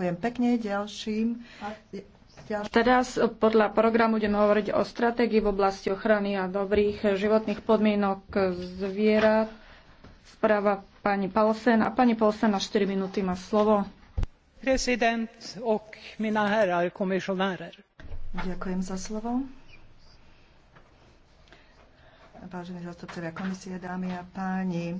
Ďakujem pekne. Ďalším. Ďalším. Teraz podľa programu budeme hovoriť o stratégii v oblasti ochrany a dobrých životných podmienok zvierat. Správa pani Palsen. A pani Palsen na 4 minúty má slovo. Prezident ok, mina herrar komisionärer. Ďakujem za slovo. Vážení zastupcovia komisie, dámy a páni,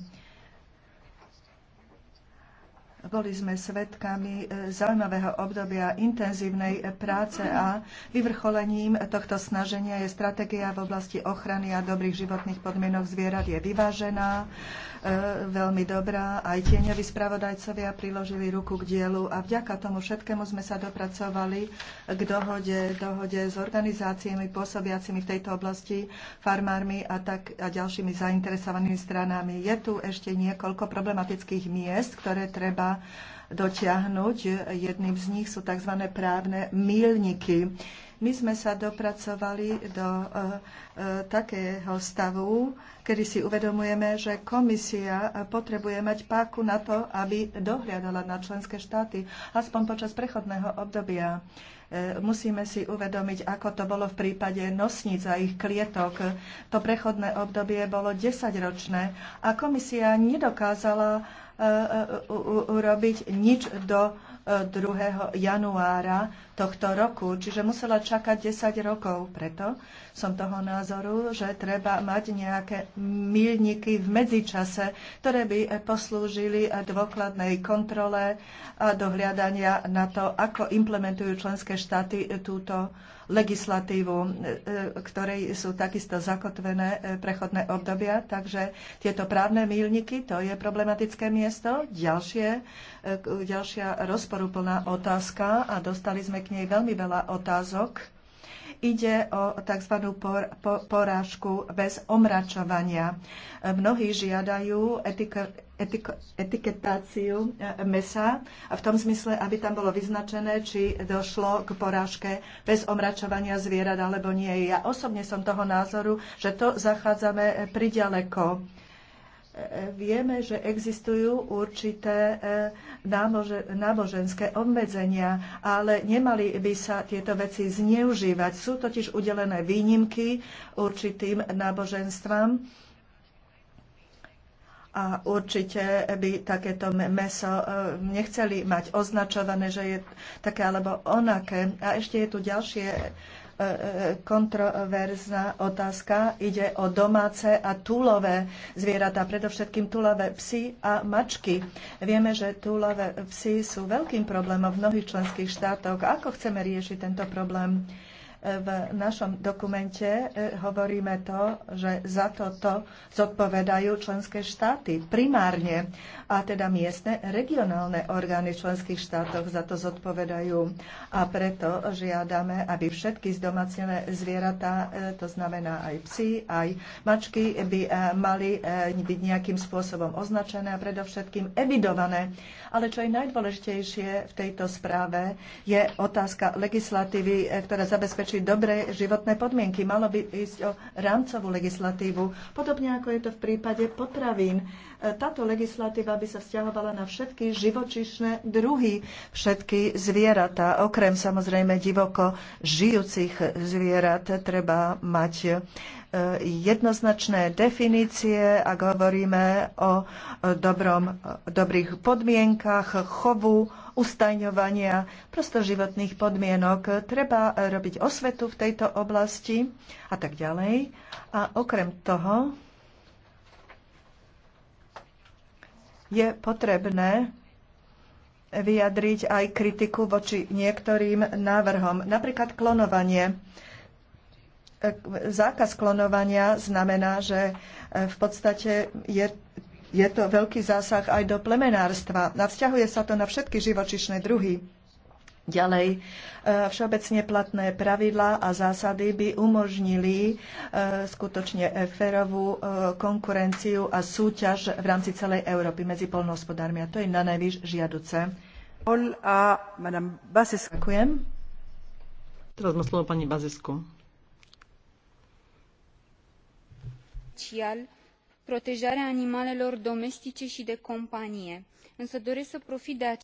boli sme svedkami e, zaujímavého obdobia intenzívnej e, práce a vyvrcholením tohto snaženia je stratégia v oblasti ochrany a dobrých životných podmienok zvierat je vyvážená, e, veľmi dobrá. Aj tieňoví spravodajcovia priložili ruku k dielu a vďaka tomu všetkému sme sa dopracovali k dohode, dohode s organizáciami pôsobiacimi v tejto oblasti, farmármi a, tak, a ďalšími zainteresovanými stranami. Je tu ešte niekoľko problematických miest, ktoré treba dotiahnuť. Jedným z nich sú tzv. právne mílniky. My sme sa dopracovali do e, e, takého stavu, kedy si uvedomujeme, že komisia potrebuje mať páku na to, aby dohľadala na členské štáty, aspoň počas prechodného obdobia. E, E, musíme si uvedomiť, ako to bolo v prípade nosníc a ich klietok. To prechodné obdobie bolo 10-ročné a komisia nedokázala e, e, urobiť nič do 2. januára tohto roku, čiže musela čakať 10 rokov. Preto som toho názoru, že treba mať nejaké milníky v medzičase, ktoré by poslúžili dôkladnej kontrole a dohľadania na to, ako implementujú členské štáty túto legislatívu, e, e, ktorej sú takisto zakotvené e, prechodné obdobia. Takže tieto právne mílniky, to je problematické miesto. Ďalšie, ďalšia rozporúplná otázka a dostali sme k nej veľmi veľa otázok ide o tzv. porážku bez omračovania. Mnohí žiadajú etika, etiketáciu e, mesa a v tom zmysle, aby tam bolo vyznačené, či došlo k porážke bez omračovania zvierat alebo nie. Ja osobne som toho názoru, že to zachádzame e, priďaleko. E, vieme, že existujú určité náboženské obmedzenia, ale nemali by sa tieto veci zneužívať. Sú totiž udelené výnimky určitým náboženstvám a určite by takéto meso e, nechceli mať označované, že je také alebo onaké. A ešte je tu ďalšie e, e, kontroverzná otázka. Ide o domáce a túlové zvieratá, predovšetkým túlové psy a mačky. Vieme, že túlové psy sú veľkým problémom v mnohých členských štátoch. Ako chceme riešiť tento problém? V našom dokumente e, hovoríme to, že za toto zodpovedajú členské štáty primárne a teda miestne regionálne orgány členských štátov za to zodpovedajú. A preto žiadame, aby všetky zdomácnené zvieratá, e, to znamená aj psi, aj mačky, by e, mali byť nejakým spôsobom označené a predovšetkým evidované. Ale čo je najdôležitejšie v tejto správe, je otázka legislatívy, ktorá zabezpečuje zabezpečiť dobré životné podmienky. Malo by ísť o rámcovú legislatívu, podobne ako je to v prípade potravín. E, táto legislatíva by sa vzťahovala na všetky živočišné druhy, všetky zvieratá, okrem samozrejme divoko žijúcich zvierat treba mať e, jednoznačné definície, ak hovoríme o dobrom, dobrých podmienkach chovu, ustajňovania, prosto životných podmienok. Treba eh, robiť osvetu v tejto oblasti a tak ďalej. A okrem toho je potrebné vyjadriť aj kritiku voči niektorým návrhom, napríklad klonovanie eh, zákaz klonovania znamená, že eh, v podstate je je to veľký zásah aj do plemenárstva Navzťahuje sa to na všetky živočišné druhy. Ďalej, e, všeobecne platné pravidlá a zásady by umožnili e, skutočne férovú e, konkurenciu a súťaž v rámci celej Európy medzi polnohospodármi. A to je na najvyš žiaduce. Ďakujem. Teraz má slovo pani Bazisku. Čial protejarea animalelor domestice i de companie. Însă doresc să profit de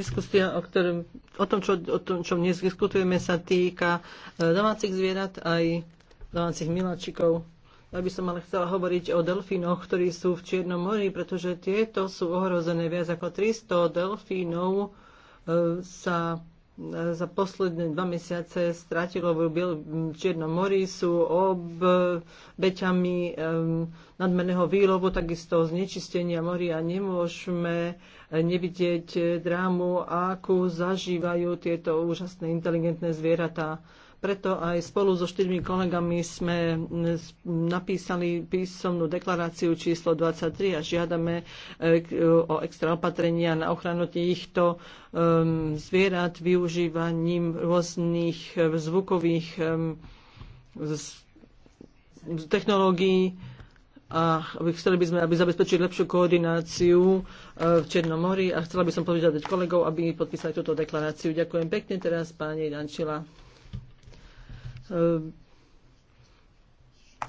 Diskusia, o, ktorým, o, tom, čo, o tom, čom dnes diskutujeme, sa týka e, domácich zvierat aj domácich miláčikov. Ja by som ale chcela hovoriť o delfínoch, ktorí sú v Čiernom mori, pretože tieto sú ohrozené. Viac ako 300 delfínov e, sa za posledné dva mesiace stratilo v Čiernom mori, sú obeťami nadmerného výlovu, takisto znečistenia moria. Nemôžeme eh, nevidieť drámu, akú zažívajú tieto úžasné inteligentné zvieratá. Preto aj spolu so štyrmi kolegami sme napísali písomnú deklaráciu číslo 23 a žiadame e, o extra opatrenia na ochranu týchto zvierat využívaním rôznych e, zvukových technológií a chceli by sme, aby zabezpečili lepšiu koordináciu e, v Černom mori a chcela by som povedať kolegov, aby podpísali túto deklaráciu. Ďakujem pekne teraz, pani Dančila. Ehm,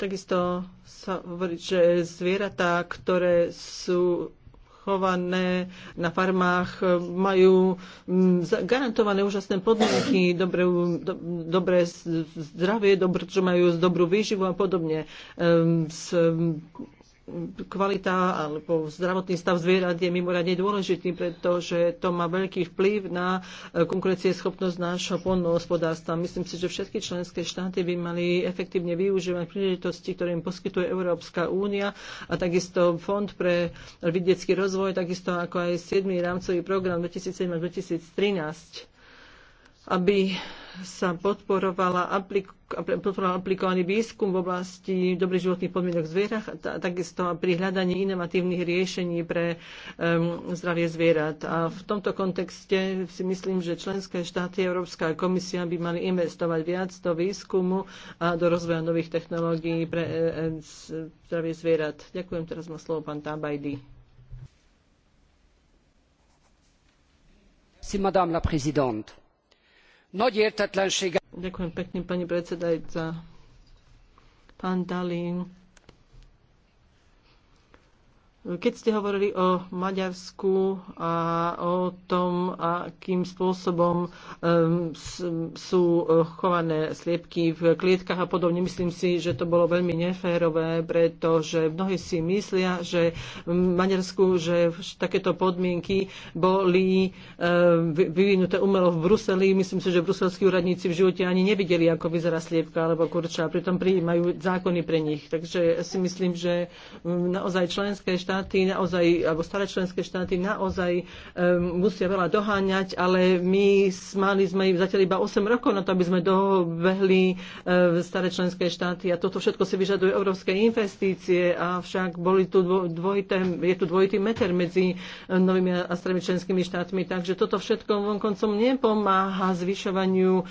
takisto sa hovorí, že zvieratá, ktoré sú chované na farmách, majú mm, garantované úžasné podmienky, dobré, do, dobré zdravie, dobrú, že majú dobrú výživu a podobne. Ehm, s, kvalita alebo zdravotný stav zvierat je mimoriadne dôležitý, pretože to má veľký vplyv na eh, konkurencieschopnosť nášho poľnohospodárstva. Myslím si, že všetky členské štáty by mali efektívne využívať príležitosti, ktoré im poskytuje Európska únia a takisto Fond pre vidiecký rozvoj, takisto ako aj 7. rámcový program 2007-2013 aby sa podporovala aplik- podporoval aplikovaný výskum v oblasti dobrých životných podmienok zvierat a takisto pri hľadaní inovatívnych riešení pre um, zdravie zvierat. A v tomto kontexte si myslím, že členské štáty Európska komisia by mali investovať viac do výskumu a do rozvoja nových technológií pre e, e, zdravie zvierat. Ďakujem, teraz má slovo pán Tabajdy. Si, madame la présidente nagy értetlenséggel. Keď ste hovorili o Maďarsku a o tom, akým spôsobom ehm, sú e, chované sliepky v klietkach a podobne, myslím si, že to bolo veľmi neférové, pretože mnohí si myslia, že v Maďarsku, že takéto podmienky boli ehm, vyvinuté umelo v Bruseli. Myslím si, že bruselskí úradníci v živote ani nevideli, ako vyzerá sliepka alebo kurča, pritom prijímajú zákony pre nich. Takže si myslím, že naozaj členské štáty štáty naozaj, alebo staré členské štáty naozaj um, musia veľa doháňať, ale my mali sme zatiaľ iba 8 rokov na to, aby sme dobehli uh, staré členské štáty a toto všetko si vyžaduje európske investície, avšak boli tu dvo, dvojité, je tu dvojitý meter medzi e, novými a starými členskými štátmi, takže toto všetko vonkoncom nepomáha zvyšovaniu um,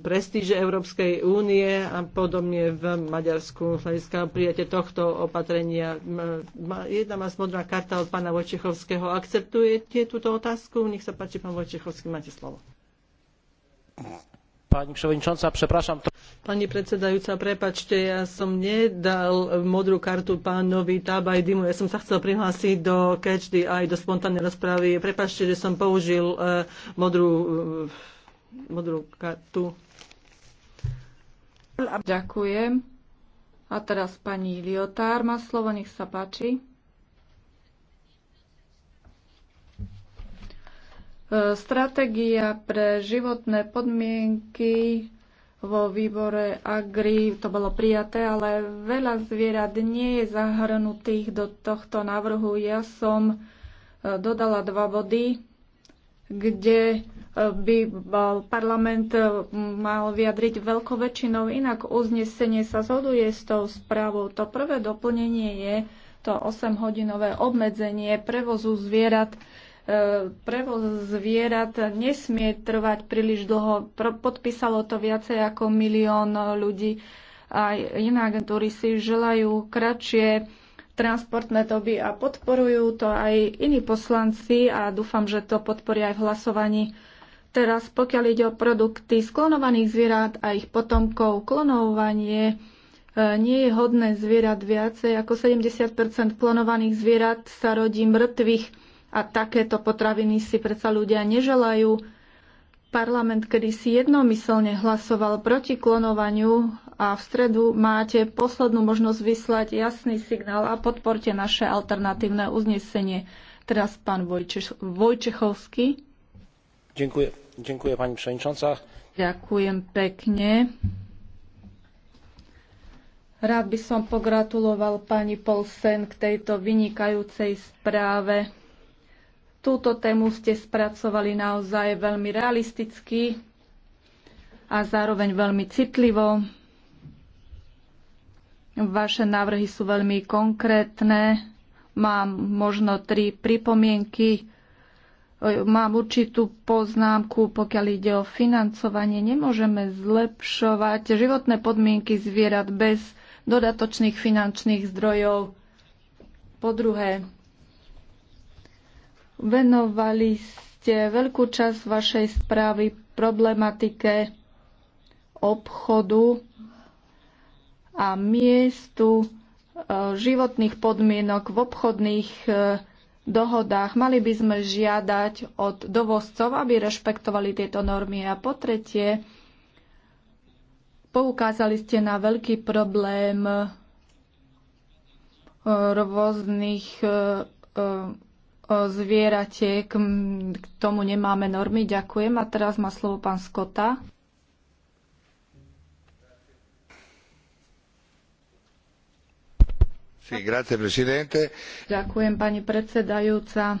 prestíže Európskej únie a podobne v Maďarsku hľadiska prijatie tohto opatrenia jedna vás modrá karta od pána Vojčechovského. Akceptujete túto otázku? Nech sa páči, pán Vojčechovský, máte slovo. Pani przewodnicząca, przepraszam. To... Pani predsedajúca, prepačte, ja som nedal modrú kartu pánovi Tabajdimu. Ja som sa chcel prihlásiť do Catch the Eye, do spontánnej rozpravy. Prepačte, že som použil uh, modrú, uh, modrú kartu. Ďakujem. A teraz pani Liotár má slovo, nech sa páči. E, stratégia pre životné podmienky vo výbore Agri, to bolo prijaté, ale veľa zvierat nie je zahrnutých do tohto návrhu. Ja som e, dodala dva body, kde by parlament e, mal vyjadriť veľkou väčšinou, inak uznesenie sa zhoduje s tou správou. To prvé doplnenie je to 8-hodinové obmedzenie prevozu zvierat. E, prevoz zvierat nesmie trvať príliš dlho. Podpísalo to viacej ako milión ľudí. Aj iné agentúry si želajú kratšie transportné doby a podporujú to aj iní poslanci a dúfam, že to podporia aj v hlasovaní Teraz pokiaľ ide o produkty sklonovaných zvierat a ich potomkov, klonovanie e, nie je hodné zvierat viacej ako 70 klonovaných zvierat sa rodí mŕtvych a takéto potraviny si predsa ľudia neželajú. Parlament kedy si jednomyselne hlasoval proti klonovaniu a v stredu máte poslednú možnosť vyslať jasný signál a podporte naše alternatívne uznesenie. Teraz pán Vojčeš, Vojčechovský. Ďakujem. Ďakujem, pani predsedajúca. Ďakujem pekne. Rád by som pogratuloval pani Polsen k tejto vynikajúcej správe. Túto tému ste spracovali naozaj veľmi realisticky a zároveň veľmi citlivo. Vaše návrhy sú veľmi konkrétne. Mám možno tri pripomienky. Mám určitú poznámku, pokiaľ ide o financovanie. Nemôžeme zlepšovať životné podmienky zvierat bez dodatočných finančných zdrojov. Po druhé, venovali ste veľkú časť vašej správy problematike obchodu a miestu e, životných podmienok v obchodných e, dohodách. Mali by sme žiadať od dovozcov, aby rešpektovali tieto normy. A po tretie, poukázali ste na veľký problém e, rôznych e, e, zvieratiek. K tomu nemáme normy. Ďakujem. A teraz má slovo pán Skota. Ďakujem, pani predsedajúca.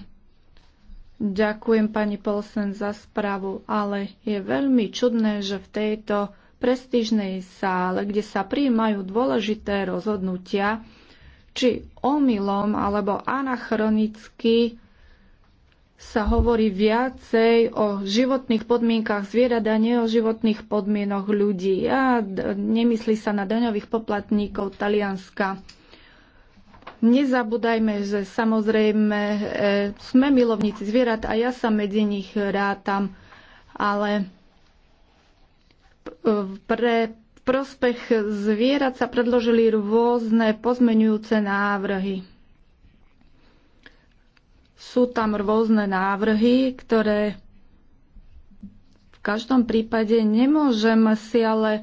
Ďakujem pani Polsen za správu, ale je veľmi čudné, že v tejto prestížnej sále, kde sa prijímajú dôležité rozhodnutia, či omylom alebo anachronicky sa hovorí viacej o životných podmienkach zvierat a nie o životných podmienoch ľudí. A nemyslí sa na daňových poplatníkov Talianska. Nezabúdajme, že samozrejme e, sme milovníci zvierat a ja sa medzi nich rátam, ale e, pre prospech zvierat sa predložili rôzne pozmenujúce návrhy. Sú tam rôzne návrhy, ktoré v každom prípade nemôžem si ale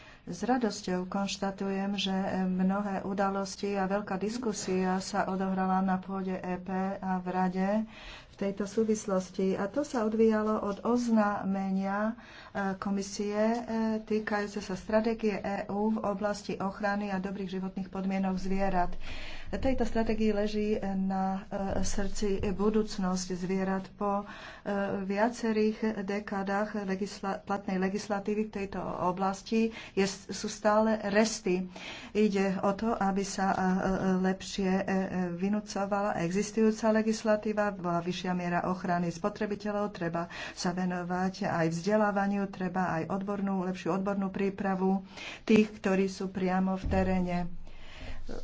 S radosťou konštatujem, že mnohé udalosti a veľká diskusia sa odohrala na pôde EP a v Rade v tejto súvislosti. A to sa odvíjalo od oznámenia e, komisie e, týkajúce sa stratégie EÚ v oblasti ochrany a dobrých životných podmienok zvierat. Tejto strategii leží na e, srdci budúcnosť zvierat. Po e, viacerých dekádach legisla- platnej legislatívy v tejto oblasti je, sú stále resty. Ide o to, aby sa e, lepšie vynúcovala existujúca legislatíva, bola vyššia miera ochrany spotrebiteľov, treba sa venovať aj vzdelávaniu, treba aj odbornú, lepšiu odbornú prípravu tých, ktorí sú priamo v teréne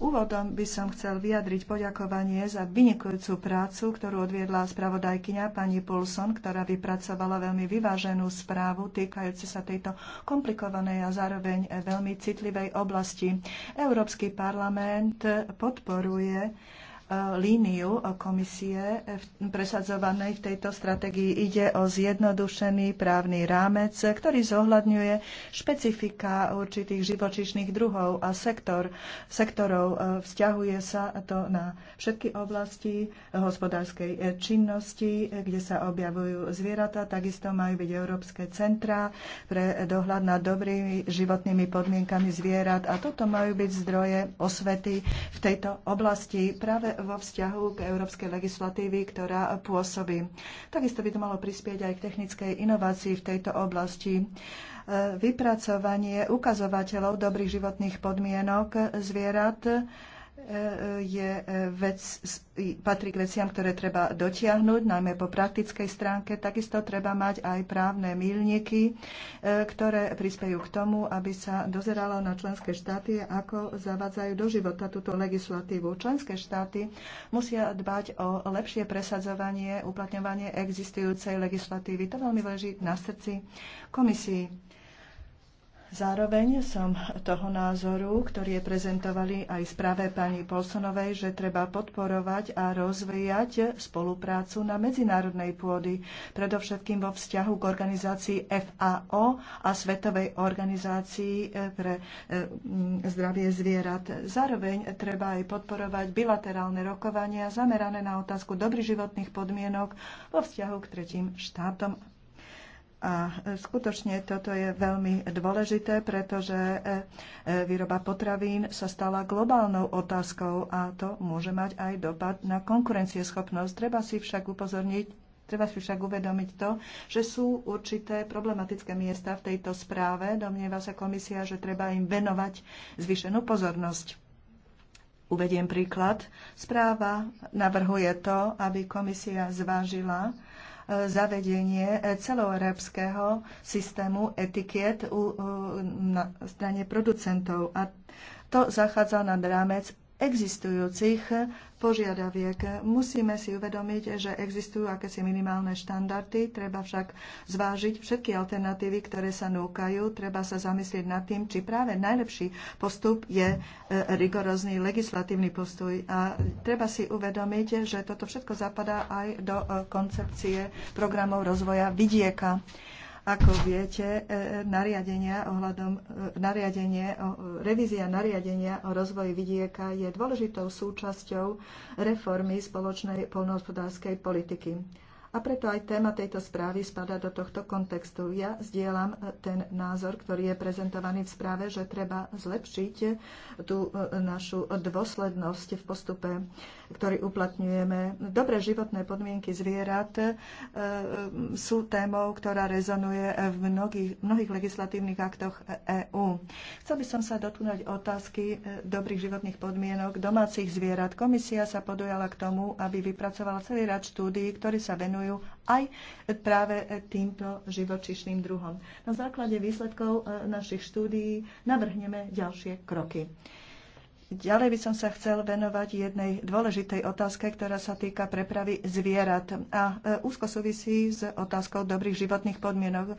Úvodom by som chcel vyjadriť poďakovanie za vynikujúcu prácu, ktorú odviedla spravodajkyňa pani Pulson, ktorá vypracovala veľmi vyváženú správu týkajúce sa tejto komplikovanej a zároveň veľmi citlivej oblasti. Európsky parlament podporuje Eh, líniu komisie eh, presadzovanej v tejto stratégii. Ide o zjednodušený právny rámec, ktorý zohľadňuje špecifika určitých živočíšnych druhov a sektor, sektorov. Eh, vzťahuje sa to na všetky oblasti hospodárskej činnosti, kde sa objavujú zvieratá. Takisto majú byť európske centrá pre dohľad nad dobrými životnými podmienkami zvierat. A toto majú byť zdroje osvety v tejto oblasti. Práve vo vzťahu k európskej legislatívy, ktorá pôsobí. Takisto by to malo prispieť aj k technickej inovácii v tejto oblasti e, vypracovanie ukazovateľov dobrých životných podmienok zvierat je e, vec, patrí k veciam, ktoré treba dotiahnuť, najmä po praktickej stránke. Takisto treba mať aj právne milníky, e, ktoré prispejú k tomu, aby sa dozeralo na členské štáty, ako zavádzajú do života túto legislatívu. Členské štáty musia dbať o lepšie presadzovanie, uplatňovanie existujúcej legislatívy. To veľmi leží na srdci komisii Zároveň som toho názoru, ktorý je prezentovali aj správe pani Polsonovej, že treba podporovať a rozvíjať spoluprácu na medzinárodnej pôdy, predovšetkým vo vzťahu k organizácii FAO a Svetovej organizácii eh, pre eh, zdravie zvierat. Zároveň treba aj podporovať bilaterálne rokovania zamerané na otázku dobrých životných podmienok vo vzťahu k tretím štátom a e, skutočne toto je veľmi dôležité, pretože e, e, výroba potravín sa stala globálnou otázkou a to môže mať aj dopad na konkurencieschopnosť. Treba si však upozorniť Treba si však uvedomiť to, že sú určité problematické miesta v tejto správe. Domnieva sa komisia, že treba im venovať zvyšenú pozornosť. Uvediem príklad. Správa navrhuje to, aby komisia zvážila zavedenie e, celoeurópskeho systému etikiet na strane producentov. A to zachádza nad rámec existujúcich požiadaviek. Musíme si uvedomiť, že existujú akési minimálne štandardy, treba však zvážiť všetky alternatívy, ktoré sa núkajú, treba sa zamyslieť nad tým, či práve najlepší postup je e, rigorózny legislatívny postoj. A treba si uvedomiť, že toto všetko zapadá aj do e, koncepcie programov rozvoja vidieka. Ako viete, e, e, nariadenia ohľadom, e, nariadenie, revízia nariadenia o rozvoji vidieka je dôležitou súčasťou reformy spoločnej polnohospodárskej politiky. A preto aj téma tejto správy spadá do tohto kontextu. Ja zdieľam e, ten názor, ktorý je prezentovaný v správe, že treba zlepšiť e, tú e, našu dôslednosť v postupe, ktorý uplatňujeme. Dobré životné podmienky zvierat sú témou, ktorá rezonuje v mnohých, mnohých legislatívnych aktoch EÚ. Chcel by som sa dotknúť otázky dobrých životných podmienok domácich zvierat. Komisia sa podujala k tomu, aby vypracovala celý rad štúdií, ktorý sa venuje venujú aj práve týmto živočišným druhom. Na základe výsledkov e, našich štúdií navrhneme ďalšie kroky. Ďalej by som sa chcel venovať jednej dôležitej otázke, ktorá sa týka prepravy zvierat a e, úzko súvisí s otázkou dobrých životných podmienok.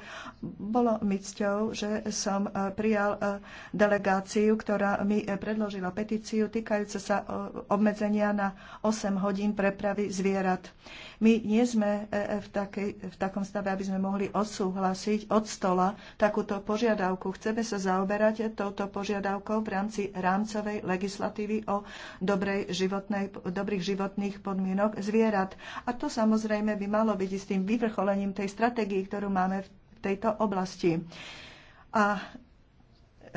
Bolo mi cťou, že som e, prijal delegáciu, ktorá mi predložila petíciu týkajúce sa obmedzenia na 8 hodín prepravy zvierat. My nie sme e, e, v, takej, v takom stave, aby sme mohli odsúhlasiť od stola takúto požiadavku. Chceme sa zaoberať touto požiadavkou v rámci rámcovej legislatívy o dobrej životnej, dobrých životných podmienok zvierat. A to samozrejme by malo byť istým vyvrcholením tej stratégie, ktorú máme v tejto oblasti. A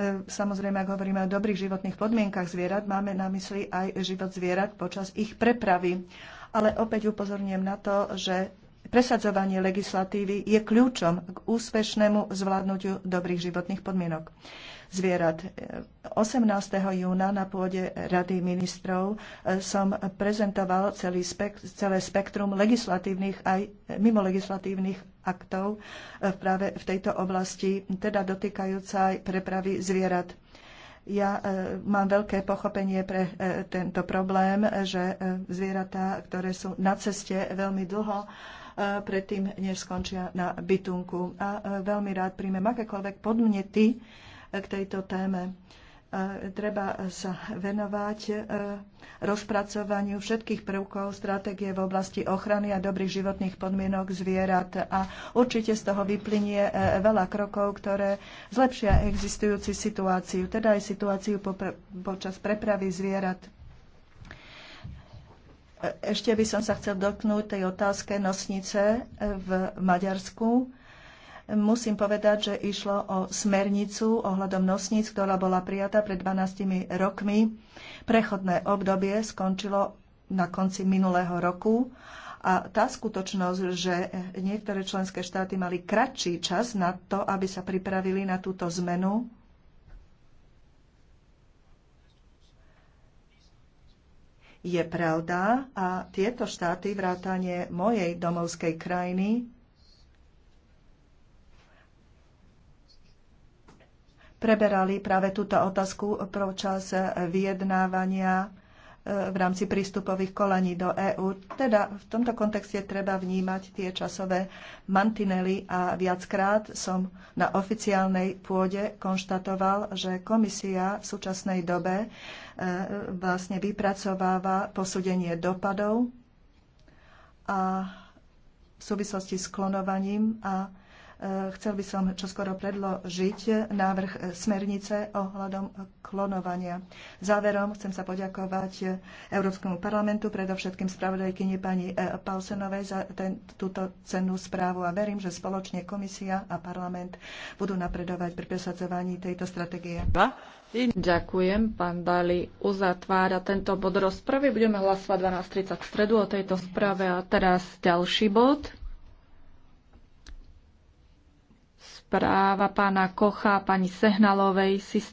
E, samozrejme, ak hovoríme o dobrých životných podmienkach zvierat, máme na mysli aj život zvierat počas ich prepravy. Ale opäť upozorňujem na to, že presadzovanie legislatívy je kľúčom k úspešnému zvládnutiu dobrých životných podmienok zvierat. 18. E, júna na pôde Rady ministrov e, som prezentoval celý spek- celé spektrum legislatívnych aj mimolegislatívnych aktov e, práve v tejto oblasti, teda dotýkajúca aj prepravy zvierat. Ja e, mám veľké pochopenie pre e, tento problém, že zvieratá, ktoré sú na ceste veľmi dlho, predtým, než skončia na bytunku. A veľmi rád príjmem akékoľvek podnety k tejto téme treba sa venovať e, rozpracovaniu všetkých prvkov stratégie v oblasti ochrany a dobrých životných podmienok zvierat. A určite z toho vyplynie e, veľa krokov, ktoré zlepšia existujúci situáciu, teda aj situáciu počas prepravy zvierat. E, ešte by som sa chcel dotknúť tej otázke nosnice v Maďarsku Musím povedať, že išlo o smernicu ohľadom nosníc, ktorá bola prijatá pred 12 rokmi. Prechodné obdobie skončilo na konci minulého roku a tá skutočnosť, že niektoré členské štáty mali kratší čas na to, aby sa pripravili na túto zmenu, je pravda a tieto štáty, vrátanie mojej domovskej krajiny, preberali práve túto otázku počas vyjednávania e, v rámci prístupových kolaní do EÚ. Teda v tomto kontexte treba vnímať tie časové mantinely a viackrát som na oficiálnej pôde konštatoval, že komisia v súčasnej dobe e, vlastne vypracováva posúdenie dopadov a v súvislosti s klonovaním a Eh, chcel by som čoskoro predložiť návrh smernice ohľadom klonovania. Záverom chcem sa poďakovať Európskemu parlamentu, predovšetkým spravodajkyni pani eh, Palsenovej za ten, túto cennú správu a verím, že spoločne komisia a parlament budú napredovať pri presadzovaní tejto stratégie. Ďakujem, pán Dali. Uzatvára tento bod rozpravy. Budeme hlasovať 12.30 v stredu o tejto správe a teraz ďalší bod. správa pána Kocha a pani Sehnalovej